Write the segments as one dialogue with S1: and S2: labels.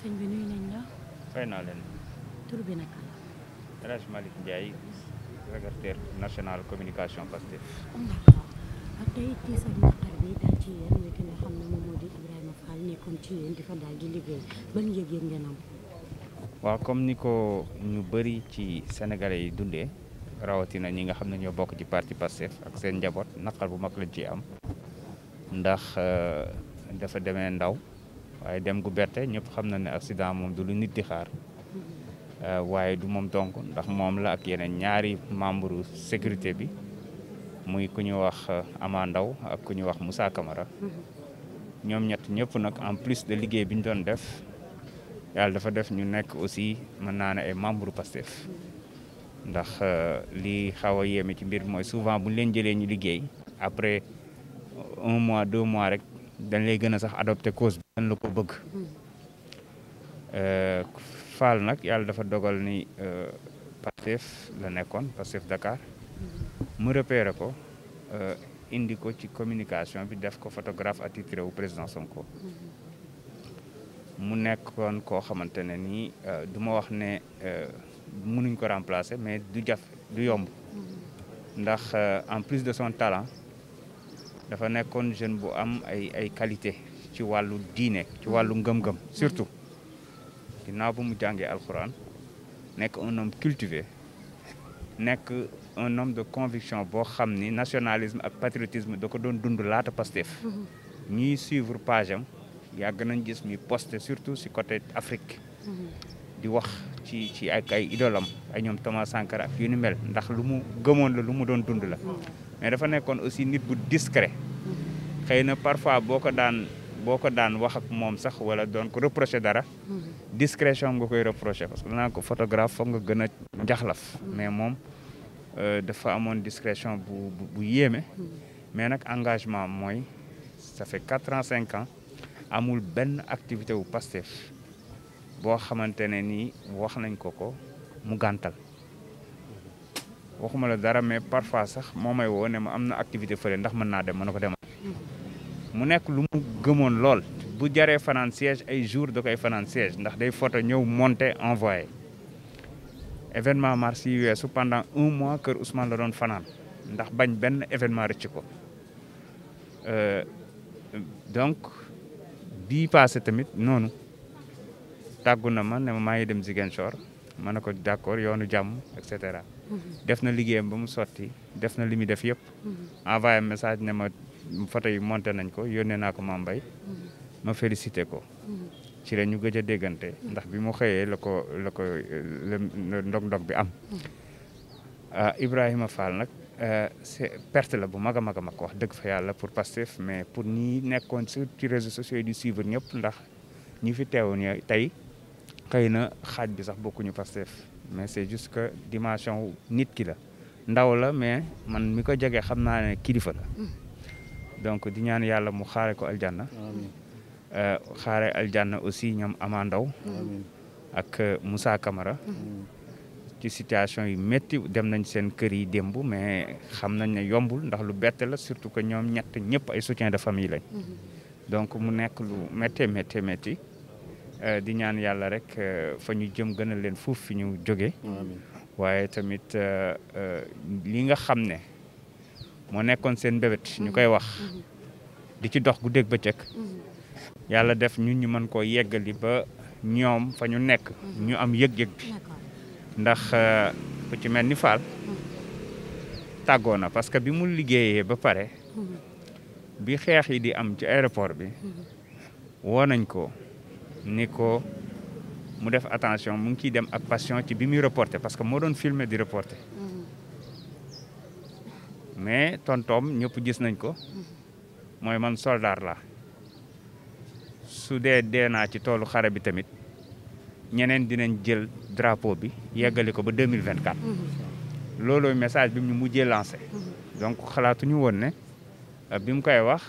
S1: sëñ bi naa leen. tur bi naka national communication waaw comme ni ko ñu bari ci sénégalais yi dundee rawatina ñi nga xam ne ñoo bokk ci parti Pastef ak seen njaboot naqar bu mag lañ ci am. ndax euh, dafa demee ndaw. waaye dem gu berte ñëpp xam na ne accident moom du lu nit di xaar euh, waaye du moom donc ndax moom la ak yeneen ñaari membre sécurité bi muy ku ñu wax euh, Ama Ndaw ak ku ñu wax mussa Camara ñoom ñett ñëpp nag en plus de liggéey bi ñu doon def yàlla dafa def ñu nekk aussi mën naa ne ay membre Pastef ndax euh, li xaw a yéeme ci mbir mooy souvent bu ñu leen jëlee ñu liggéey après un mois deux mois rek dañ lay gën a sax adopté cause bi nan la ko bëgg euh, Fall nag yàlla dafa dogal ni euh, Pastef la nekkoon Pastef Dakar mm-hmm. mu repéré ko euh, indi ko ci communication bi def ko photographe attitré wu président ko
S2: mm-hmm.
S1: mu nekkoon koo xamante ne nii du ma wax ne mënuñ ko remplacer mais du jaf du yomb mm-hmm. ndax en plus de son talent dafa nekkoon jeune bu am ay qualité ci wàllu diine ci wàllu ngëm-ngëm surtout ginnaaw bu mu jàngee alxuraan nekk un homme cultiver nekk un homme de conviction boo xam ni nationalisme ak patriotisme da ko doon dund laata Pastef ñiy suivre page am yàgg nañ gis muy posté surtout si côté Afrique di wax ci ci ak ay idolam ay ñoom Thomas Sankara ak yu ni mel ndax lu mu gëmoon la lu mu doon dund la mais dafa nekkoon aussi nit bu discret xëy na parfois boo ko daan boo ko daan wax ak moom sax wala doon ko reproché dara. Mhm. discrétion nga koy reproché parce que naa ko photographe foog nga gën a njaxlaf. Mhm. mais moom euh, dafa amoon discrétion bu bu yéeme. Mhm. mais nag engagement mooy ça fait quatre ans cinq ans amul benn activité wu Pastef boo xamante ne nii wax nañ ko ko mu gàntal. waxuma la dara mais parfois sax moo may woo ne ma am na activité fële ndax mën naa dem mën na ko dem. mu nekk lu mu gëmoon lool bu jaree fanaan siège ay jour da koy fanaan siège ndax day photo ñëw monte envoyé événement mars yi weesu pendant un mois kër Ousmane la doon fanaan ndax bañ benn événement rëcc ko euh, donc bii passé tamit noonu tàggu na ma ne ma maa ngi dem Ziguinchor ma ne ko d'accord yoonu jàmm et cetera. Mm-hmm. def na liggéeyam ba mu sotti def na li muy def yëpp. Mm-hmm. envoyé message ne ma. foto yi monte nañ ko yónnee naa ko Mame Mbaye ma félicité ko ci la ñu gëj a déggante ndax bi mu xëyee la ko la ko ndog-ndog bi am ah, Ibrahima Fall nag euh, c'est perte la bu mag a mag a mag wax dëgg fa yàlla pour Pastef mais pour ñi nekkoon sur ci réseaux sociaux du di suivre ñëpp ndax ñi fi teewoon ya tey xëy na xaaj bi sax bokkuñu Pastef mais c'est juste que dimension nit ki la ndaw la mais man mi ko jege xam naa ne kilifa la donc di ñaan yàlla mu xaare ko aljanna euh, xaare aljanna aussi ñoom Ama Ndaw ak euh, Moussa Camara ci situation yi métti dem nañ seen kër yi démb mais xam nañ ne yombul ndax lu bett la surtout que ñoom ñett ñëpp ay soutien de famille lañ mhm. donc mu nekk lu méttee méttee métti di ñaan yàlla rek euh, fa ñu jëm gën leen fuuf fi ñu jóge waaye tamit li nga xam ne moo nekkoon seen mbébét ñu mhm. koy wax mhm. di ci dox gu guddeeg bëccëg mhm. yàlla def ñun ñu mën koo yeggali ba ñoom fa ñu nekk ñu am yëg-yëg bi ndax euh, ku ci mel ni Fall tàggoo na parce que bi mu liggéeyee ba pare bi xeex yi di am ci aéroport bi woo nañ ko ni ko mu def attention mu ngi ciy dem ak passion ci bi muy reporté parce que moo doon filmé di reporté mais tontoom ñëpp gis nañ ko mooy man soldaar la su dee dee naa ci toolu xare bi tamit ñeneen dinañ jël drapeau bi yeggali ko ba 2024 mhm. loolooy message bi mu mujjee lancé
S2: mhm.
S1: donc xalaatuñu woon ne euh, bi mu koy wax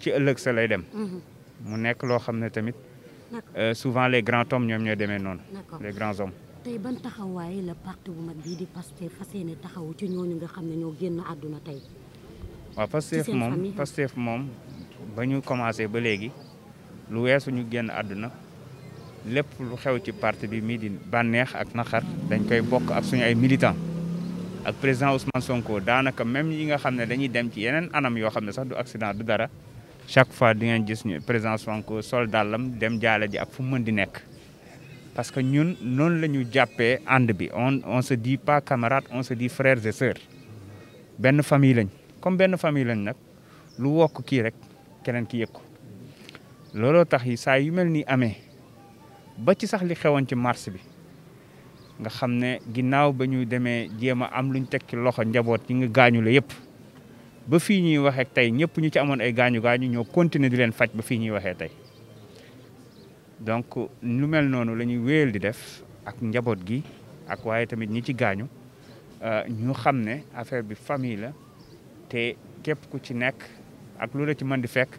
S1: ci ëllëg sa lay dem mhm. mu nekk loo xam ne tamit euh, souvent les grands hommes ñoom ñoo demee noonu les grands hommes
S3: tey ban taxawaay la parti bu mag bii di Pastef fas yéene taxawu ci ñooñu nga xam ne ñoo génn àdduna tey. waaw Pastef moom Pastef
S1: moom ba ñu commencé ba léegi lu weesu ñu génn àdduna lépp lu xew ci parti bi mii di bànneex ak naqar dañ koy bokk ak suñu ay militant ak président Ousmane Sonko daanaka même yi nga xam ne dañuy dem ci yeneen anam yoo xam ne sax du accident du dara chaque fois di ngeen gis ñu président Sonko sol dàllam dem jaale ji ak fu mu mën di nekk. parce que ñun noonu la ñu jàppee ànd bi on on di dit pas camarades on se di frères et sœurs benn famille lañ comme benn famille lañ nag lu wokk kii rek keneen ki yëg ko looloo tax yi saa yu mel ni amee ba ci sax li xewoon ci mars bi nga xam ne ginnaaw ba ñu demee jéem a am luñ teg ci loxo njaboot yi nga gaañu la yëpp ba fii ñuy waxee tey ñëpp ñu ci amoon ay gaañu gaañu ñoo continuer di leen faj ba fii ñuy waxee tey donc lu mel noonu la ñuy wéyal di def ak njaboot gi ak waaye tamit ñi ci gaañu euh, ñu xam ne affaire bi famille la te képp ku ci nekk ak lu la ci mën di fekk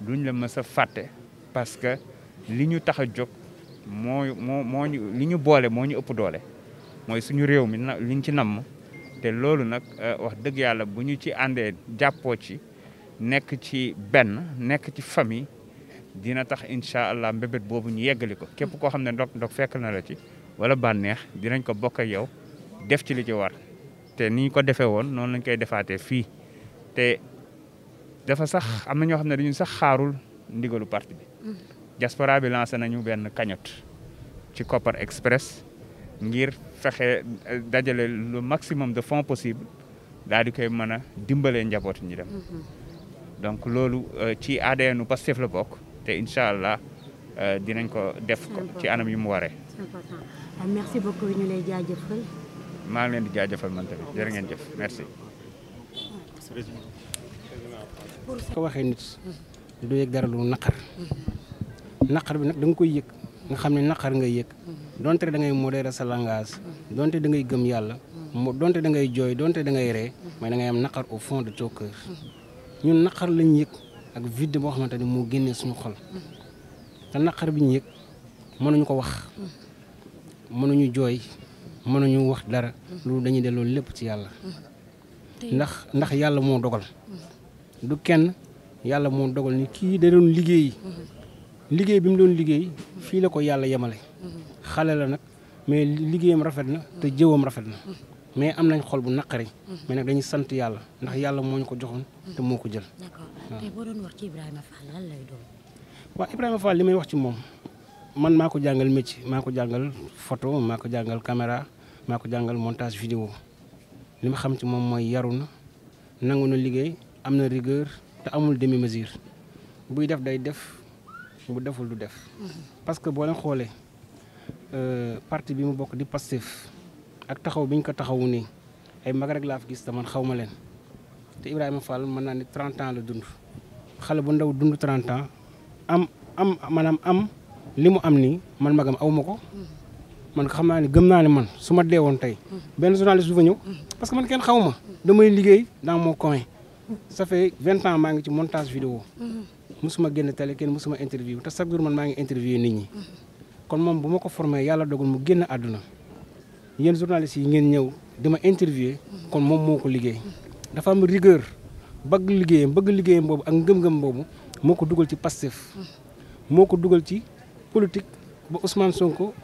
S1: duñ la mës a fàtte parce que li ñu tax a jóg moo moo moo ñu li ñu boole moo ñu ëpp doole mooy suñu réew mi na liñ ci namm te loolu nag euh, wax dëgg yàlla bu ñu ci àndee jàppoo ci nekk ci benn nekk ci famille dina tax incha allah mbébét boobu ñu yeggali ko képp koo xam ne ndog ndog fekk na la ci wala bànneex dinañ ko bokk ak yow def ci li ci war te ni ko defee woon noonu lañ koy defaatee fii te dafa sax am na ñoo xam ne dañu sax xaarul ndigalu parti bi diaspora bi nañu benn cagnotte ci Kopar Express ngir fexe eh, dajale le maximum de fonds possible daal di koy mën a dimbalee njaboot ñi dem mm-hmm. donc loolu euh, ci ADN u Pastef la bokk te incha allah eh, dinañ ko def ko ci anam yu mu waree.
S3: Euh,
S1: maa ngi leen di jaajëfal man tamit jërë ngeen jëf merci.
S2: ko waxee nit
S4: du yëg dara lu naqar naqar bi nag danga koy yëg nga xam ne naqar ngay yëg mhm. donte da ngay modérer sa langage mhm. donte da ngay gëm yàlla mo mhm. donte da ngay jooy donte da ngay ree mais da ngay am naqar au fond de ton naqar lañ yëg. ak vide boo xamante ni moo génnee suñu xol te naqar bi ñu mën mënuñu ko wax mën mënuñu jooy nañu wax dara loolu dañuy delloo lépp ci yàlla ndax ndax yàlla moo dogal du kenn yàlla moo dogal ni kii da doon liggéey liggéey bi mu doon liggéey fii la ko yàlla yemale
S2: mm-hmm.
S4: xale la nag mais liggéeyam rafet na te jëwam rafet na mais am nañ xol bu naqari. Mhm. mais nag dañuy sant yàlla ndax yàlla moo ñu ko joxoon. Mhm. te moo ko jël.
S3: d'accord tey boo doon wax ci
S4: Ibrahima Fall li may wax ci moom man maa ko jàngal métier maa ko jàngal photo maa ko jàngal caméra maa ko jàngal montage vidéo li ma xam ci moom mooy yaru na nangu na liggéey am na rigueur te amul demi mesure buy def day def bu deful du def. Mhm. parce que boo leen xoolee euh, parti bi mu bokk di Pastef. ak taxaw bi ñu ko taxawu nii ay mag rek laa fi gis te man xaw ma leen te Ibrahima Fall man naa ne 30 ans la dund xale bu ndaw dund 30 ans am am maanaam am li mu am nii man magam aw ma ko. man xam naa ne gëm naa ne man su ma dee woon tey benn journaliste du fa ñëw parce que man kenn xaw ma damay liggéey dans mon coin ça fait vingt ans maa ngi ci montage vidéo mosuma génn télé kenn mosuma interview te chaque jour man maa ngi interview nit ñi kon moom bu ma ko formé yàlla dogal mu génn àdduna yéen journalistes yi ngeen ñëw di ma interviewer kon moom moo ko liggéey dafa am rigueur bëgg liggéeyam bëgg liggéeyam boobu ak ngëm-ngëm boobu moo ko dugal ci Pastef moo ko dugal ci politique ba Ousmane Sonko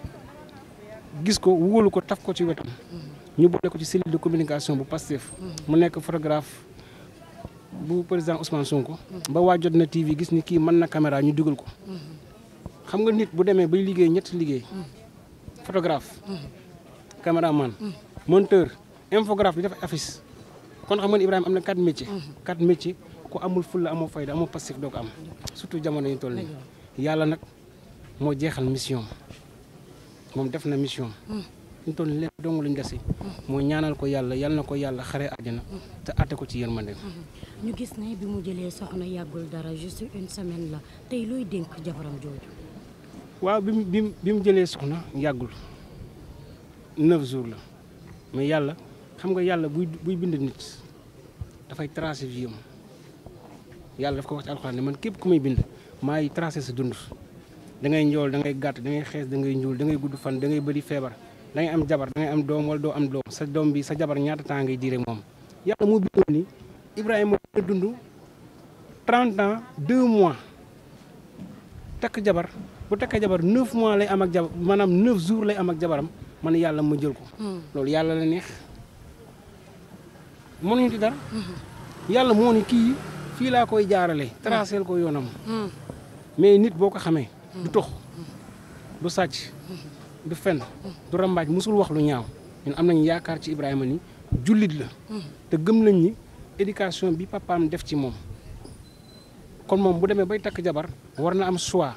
S4: gis ko wóolu ko taf ko ci wetam ñu boole ko ci cellule de communication bu Pastef mu nekk photographe bu président Ousmane Sonko ba waa jot na TV gis ni kii mën na caméra ñu dugal ko xam nga nit bu demee bay liggéey ñetti liggéey photographe caméraman monteur infographe di def affiche kon xam nga ni Ibrahima am na quatre métiers. quatre métiers ku amul fulla amoo fayda amoo passif doo ko am surtout jamono yi toll nii yàlla nag moo jeexal mission moom def na mission ñu toll leen dong lañ desi moo ñaanal ko yàlla yal na ko yàlla xare àjjana te àtte ko ci yërmande
S3: ñu gis ne bi mu jëlee soxna yàggul dara juste une semaine la tey looy dénk jabaram jooju
S4: waaw bi mu bi mu jëlee soxna yàggul neuf jours la mais yàlla xam nga yàlla buy buy bind nit dafay tracé vie am yàlla daf ko wax ci alxuraan ne man képp ku may bind maay tracé sa dund da ngay njool da ngay gàtt da ngay xees da ngay njuul da ngay gudd fan dangay bëri feebar da am jabar da ngay am doom wala doo am doom sa doom bi sa jabar ñaata temps ngay diire moom yàlla moo bindoon ni Ibrahima dina dund trente ans deux mois takk jabar bu takkee jabar neuf mois lay am ak jabar maanaam neuf jours lay am ak jabaram man yàlla ma jël ko. Hmm. loolu yàlla la neex mënuñu ci dara. yàlla moo ni kii fii laa koy jaarale hmm. tracé ko yoonam. Hmm. mais nit boo ko xamee. du tox du sàcc du fen du rambaaj musul wax lu ñaaw ñun am nañu yaakaar ci Ibrahima ni jullit la. te gëm nañ ni bi papaam def ci moom. kon moom bu demee bay takk jabar war na am choix.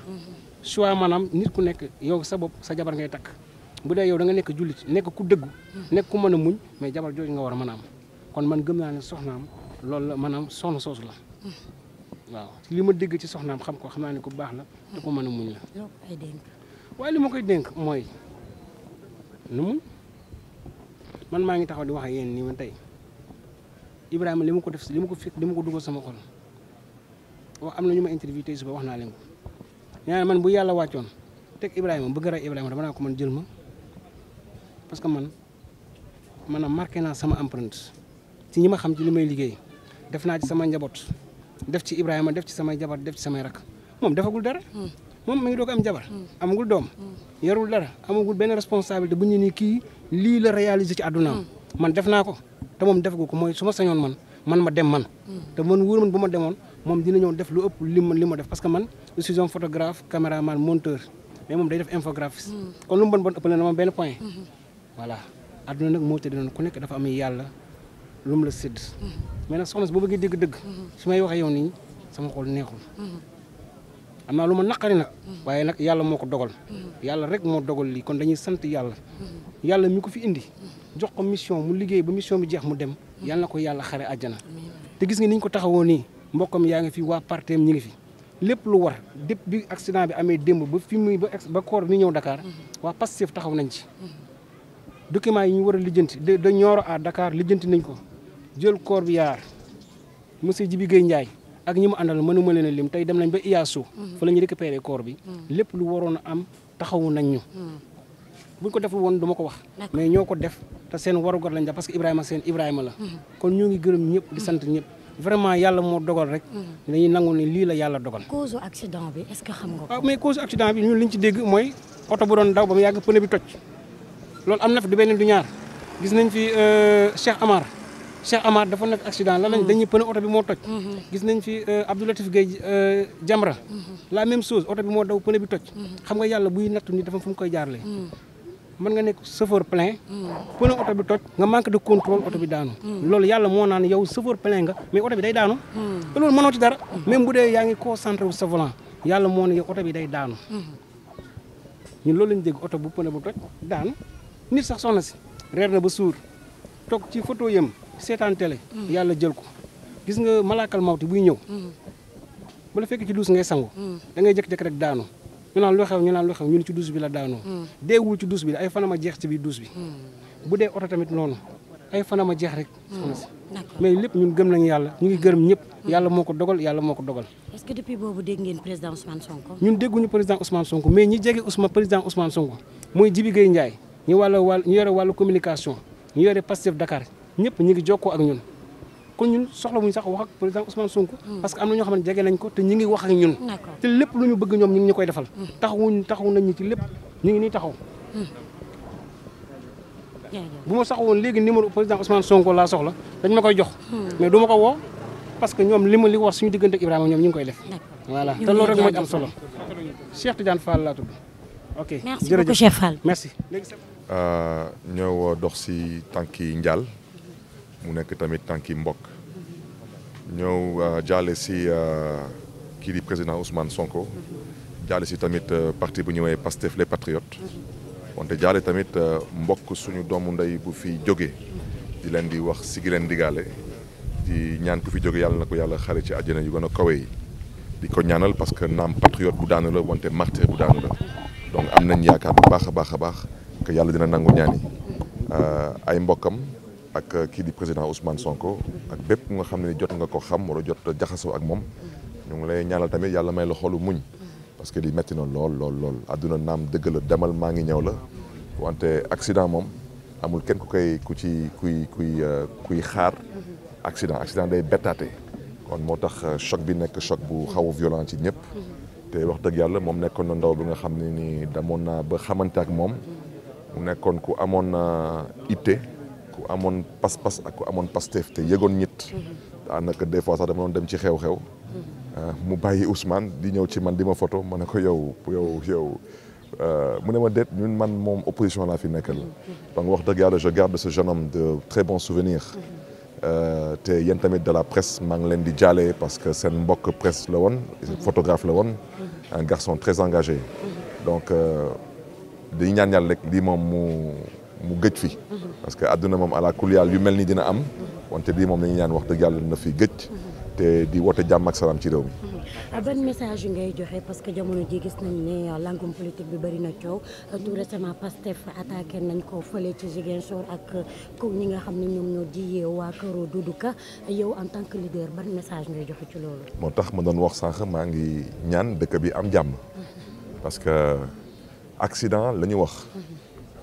S4: choix maanaam nit ku nekk yow sa bopp sa jabar ngay takk. bu dee yow da nga nekk jullit nekk ku dëggu nekk ku mën a muñ mais jabar jooju nga war a mën am kon man gëm naa ne soxnaam loolu la man am soxna soos la waaw li ma dégg ci soxnaam xam ko xam naa ne ku baax la te ku mën a muñ la waaye li ma koy dénk mooy nu muñ man maa ngi taxaw di wax ak yéen nii man tey Ibrahima li ma ko def si li ma ko fekk li ma ko dugal sama xol wax am na ñu ma interview tey suba wax naa leen ko ñaane man bu yàlla wàccoon teg Ibrahima bëgg a rey Ibrahima dama naa ko man jël ma parce que man maanaam marqué naa sama empreinte ci ñi ma xam ci li may liggéey def naa ci sama njaboot def ci Ibrahima def ci samay jabar def ci samay rak moom defagul dara. Hmm. moom mi ngi doog am jabar. Hmm. amagul doom. Hmm. yarul dara amagul benn responsabilité bu ñu ni kii lii la réaliser ci àddunaam. man def naa ko te moom defagul ko mooy su ma sañoon man man ma dem man. te man wóor man bu ma demoon moom dina ñëw def lu ëpp li ma li ma def parce que man je suis un photographe caméraman moom day def infographiste. kon lu mu bon bon ëppale na ma benn point. voilà adduna nag moo tëdd noonu ku nekk dafa am yàlla lu mu la sedd mm-hmm. mais nag soxna si bu bëggee dëgg-dëgg. Mm-hmm. su may waxee yow nii sama xol neexul. Mm-hmm. am naa lu ma naqari nag. waaye nag yàlla moo ko dogal. yàlla rek moo dogal li kon dañuy sant yàlla. yàlla mi ko fi indi. jox ko mission mu liggéey ba mission bi jeex mu dem. yàlla na ko yàlla xare àjjana. te gis nga ni ko taxawoo nii mbokkam yaa ngi fi waa parteem ñi ngi fi. lépp lu war dépp bi accident bi amee démb ba fi muy ba corps bi ñëw Dakar. waa taxaw nañ ci. documents yi ñu war a lijjanti de Nioro à Dakar lijjanti nañ ko jël corps bi yaar monsieur Djibi Gueye Ndiaye ak ñi mu àndal mënuma a mm-hmm. mm. ñu récupéré corps a ma ko wax. mais ñoo ko def te seen warugar lañ def parce que Ibrahima seen Ibrahima la. Mm-hmm. kon ñoo ngi gërëm ñëpp di sant ñëpp. vraiment yàlla moo dogal rek. Mm-hmm. dañuy nangu lii la yàlla dogal.
S3: cause accident bi est-ce que xam nga ko.
S4: Ah, mais cause accident bi ñun liñ ci dégg mooy oto bu doon daw ba mu yàgg pneu bi toj. loolu am na fi du benn du ñaar gis nañ fi euh, Cheikh Amar Cheikh Amar dafa nekk accident la lañ mm-hmm. dañuy pneu oto bi moo toj mm-hmm. gis nañ fi euh, Abdoulatif Gueye euh, Jamra mm-hmm. la même chose oto bi moo daw pneu bi toj xam nga yàlla buy nattu ni dafa fu mu koy jaarale mën nga nekk chauffeur plein pneu oto bi toj nga manque de contrôle oto bi daanu loolu yàlla moo naan yow chauffeur plein nga mais oto bi day daanu te loolu mënoo ci dara même bu dee yaa ngi concentré wu sa volant yàlla moo ne yow oto bi day daanu ñun loolu lañ dégg oto bu pneu bu toj daanu nit sax soxna si reer na ba suur toog ci photo yam seetaan télé mm. yàlla jël ko gis nga malaakal mawti buy ñëw mm. bu la fekk ci duus ngay sangu mm. da ngay jëkk-jëkk rek daanu ñu naan lu xew ñu naan lu ñu ni ci duus bi la daanoo deewul ci duus bi ay fanama jeex ci biir duus bi bu dee oto tamit noonu ay fanama jeex rek soxna si mais lépp ñun gëm nañu yàlla ñu ngi gërëm ñëpp yàlla moo ko dogal yàlla moo ko dogal
S3: est-ce que depuis boobu dégg ngeen président Ousmane Sonko
S4: ñun dégguñu président Ousmane Sonko mais ñi jege Ousmane président Ousmane Sonko mooy Jibi Gueye ñu wàllu wàll ñu yore wàllu communication ñu yore Pastef Dakar ñëpp ñu ngi jokkoo ak ñun kon ñun soxla wuñ sax wax ak président Ousmane Sonko. Hmm. parce que am na ñoo xam ne jege nañ ko te ñu ngi wax ak ñun. te lépp lu ñu bëgg ñoom ñu ngi ñu koy defal. Hmm. taxawuñ taxaw nañ ñu ci lépp ñu ngi nii taxaw. Hmm. bu ma sax woon léegi numéro président Ousmane Sonko laa soxla dañ ma koy jox. mais du ma ko woo parce que ñoom li ma li wax suñu diggante Ibrahima ñoom ñu koy def. voilà te loolu rek moo ci am solo. Cheikh Tidiane Fall laa tudd. ok jërëjëf
S5: Euh, ñëw dox si tànki njaal mu nekk tamit tànki mbokk ñëw euh, jaale si euh, kii di président Ousmane Sonko jaale si tamit parti bu ñëwee Pastef les Patriotes wante jaale tamit mbokk suñu doomu ndey bu fi jóge di leen di wax si gi leen digaale di ñaan ku fi jóge yàlla na ko yàlla xare ci àjjana yu gën a kawe di ko ñaanal parce que naam patriote bu daanu la wante martyr bu daanu la donc am nañ yaakaar bu baax a baax a baax que yàlla dina nangu ñaan euh, ay mbokkam ak kii di président Ousmane Sonko ak bépp nga xam ne jot nga ko xam wala jot jaxasoo ak moom ñu ngi lay ñaanal tamit yàlla may la xolu muñ parce que li metti na lool lool lool àdduna naam dëgg la demal maa ngi ñaw la wante accident moom amul kenn ku koy ku ci kuy kuy euh, kuy xaar accident accident day bettaate kon moo tax euh, choc bi nekk choc bu xaw a violent ci ñëpp te wax dëgg yàlla moom nekkoon na ndaw bi nga xam ne ni damoon naa ba xamante ak moom mu nekkoon ku amoon uh, itte ku amoon pas-pas ak ku amoon Pastef te yëgoon ñit daanaka des fois sax dama doon dem ci xew-xew uh, mu bàyyi Ousmane di ñëw ci man di ma photo ma ne ko yow yow yow uh, mu ne ma déet ñun man moom opposition laa fi nekkal donc wax dëgg yàlla je garde ce jeune homme de très te yéen tamit de la presse maa ngi leen di jaale parce que seen mbokk presse la woon photographe la woon un garçon très engagé dañu ñaan yàlla rek lii moom mu mu gëj fi. parce que àdduna moom ala kulli yàlla yu mel ni dina am. wante lii moom dañuy ñaan wax dëgg yàlla na fi gëj. te di woote jàmm ak salaam ci réew mi.
S3: Ah, ban message yi ngay joxe parce que jamono ji gis nañ ne ah, langum politique bi bëri na coow euh, tout récemment Pastef attaqué nañ ko fële ci Ziguinchor ak ko euh, ñi nga xam ne ñoom ñoo jiyee waa këru du Ka yow en tant que leader ban message ngay joxe ci loolu.
S5: moo tax ma doon wax sànq maa ngi ñaan dëkk bi am jàmm. parce que. accident la ñu wax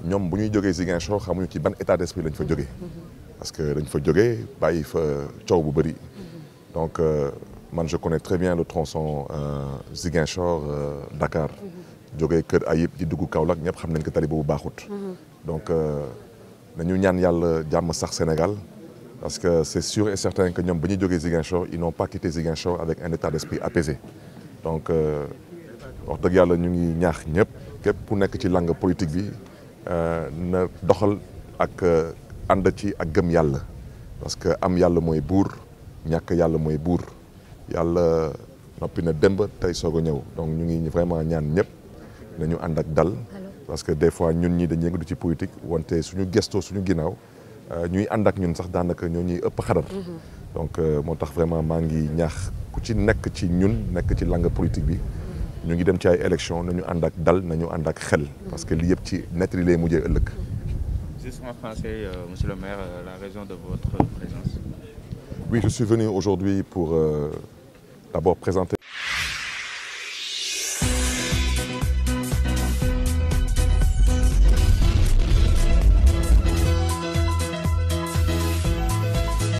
S5: ñoom bu ñuy jógee Ziguinchor xamuñu ci ban état d'esprit lañ fa jóge parce que dañ fa jógee bàyyi fa coow bu bëri donc euh, man je connais très bien le tronçon euh, Ziguinchor euh, Dakar jógee Kër Ayib di dugg Kaolack ñëpp xam nañ ko tali boobu baaxut donc nañu ñaan yàlla jàmm sax Sénégal parce que c'est sûr et certain que ñoom bu ñuy jógee Ziguinchor ils n'ont pas quitté Ziguinchor avec un état d'esprit apaisé donc wax dëgg yàlla ñu ngi ñaax ñëpp képp ku nekk ci lang politique bi euh, na doxal ak euh, ànd ci ak gëm yàlla parce que am yàlla mooy buur ñàkk yàlla mooy buur yàlla noppi na démb tey soog a ñëw donc ñu ngi vraiment ñaan ñëpp nañu ànd ak dal parce que des fois ñun ñi dañuy yëngatu ci politique wante suñu gestoo suñu ginnaaw euh, ñuy ànd ak ñun sax daanaka ñoo ñuy ëpp xadar mm-hmm. donc moo tax vraiment maa ngi ñaax ku ci nekk ci ñun nekk ci lang politique bi ñu ngi dem ci ay élection nañu ànd ak dall nañu ànd ak xel parce que lii yëpp ci nettali lay mujjee ëllëg
S1: juste en français euh, monsieur le maire euh, la raison de votre présence
S5: oui je suis venu aujourd'hui pour euh, d'abord présenter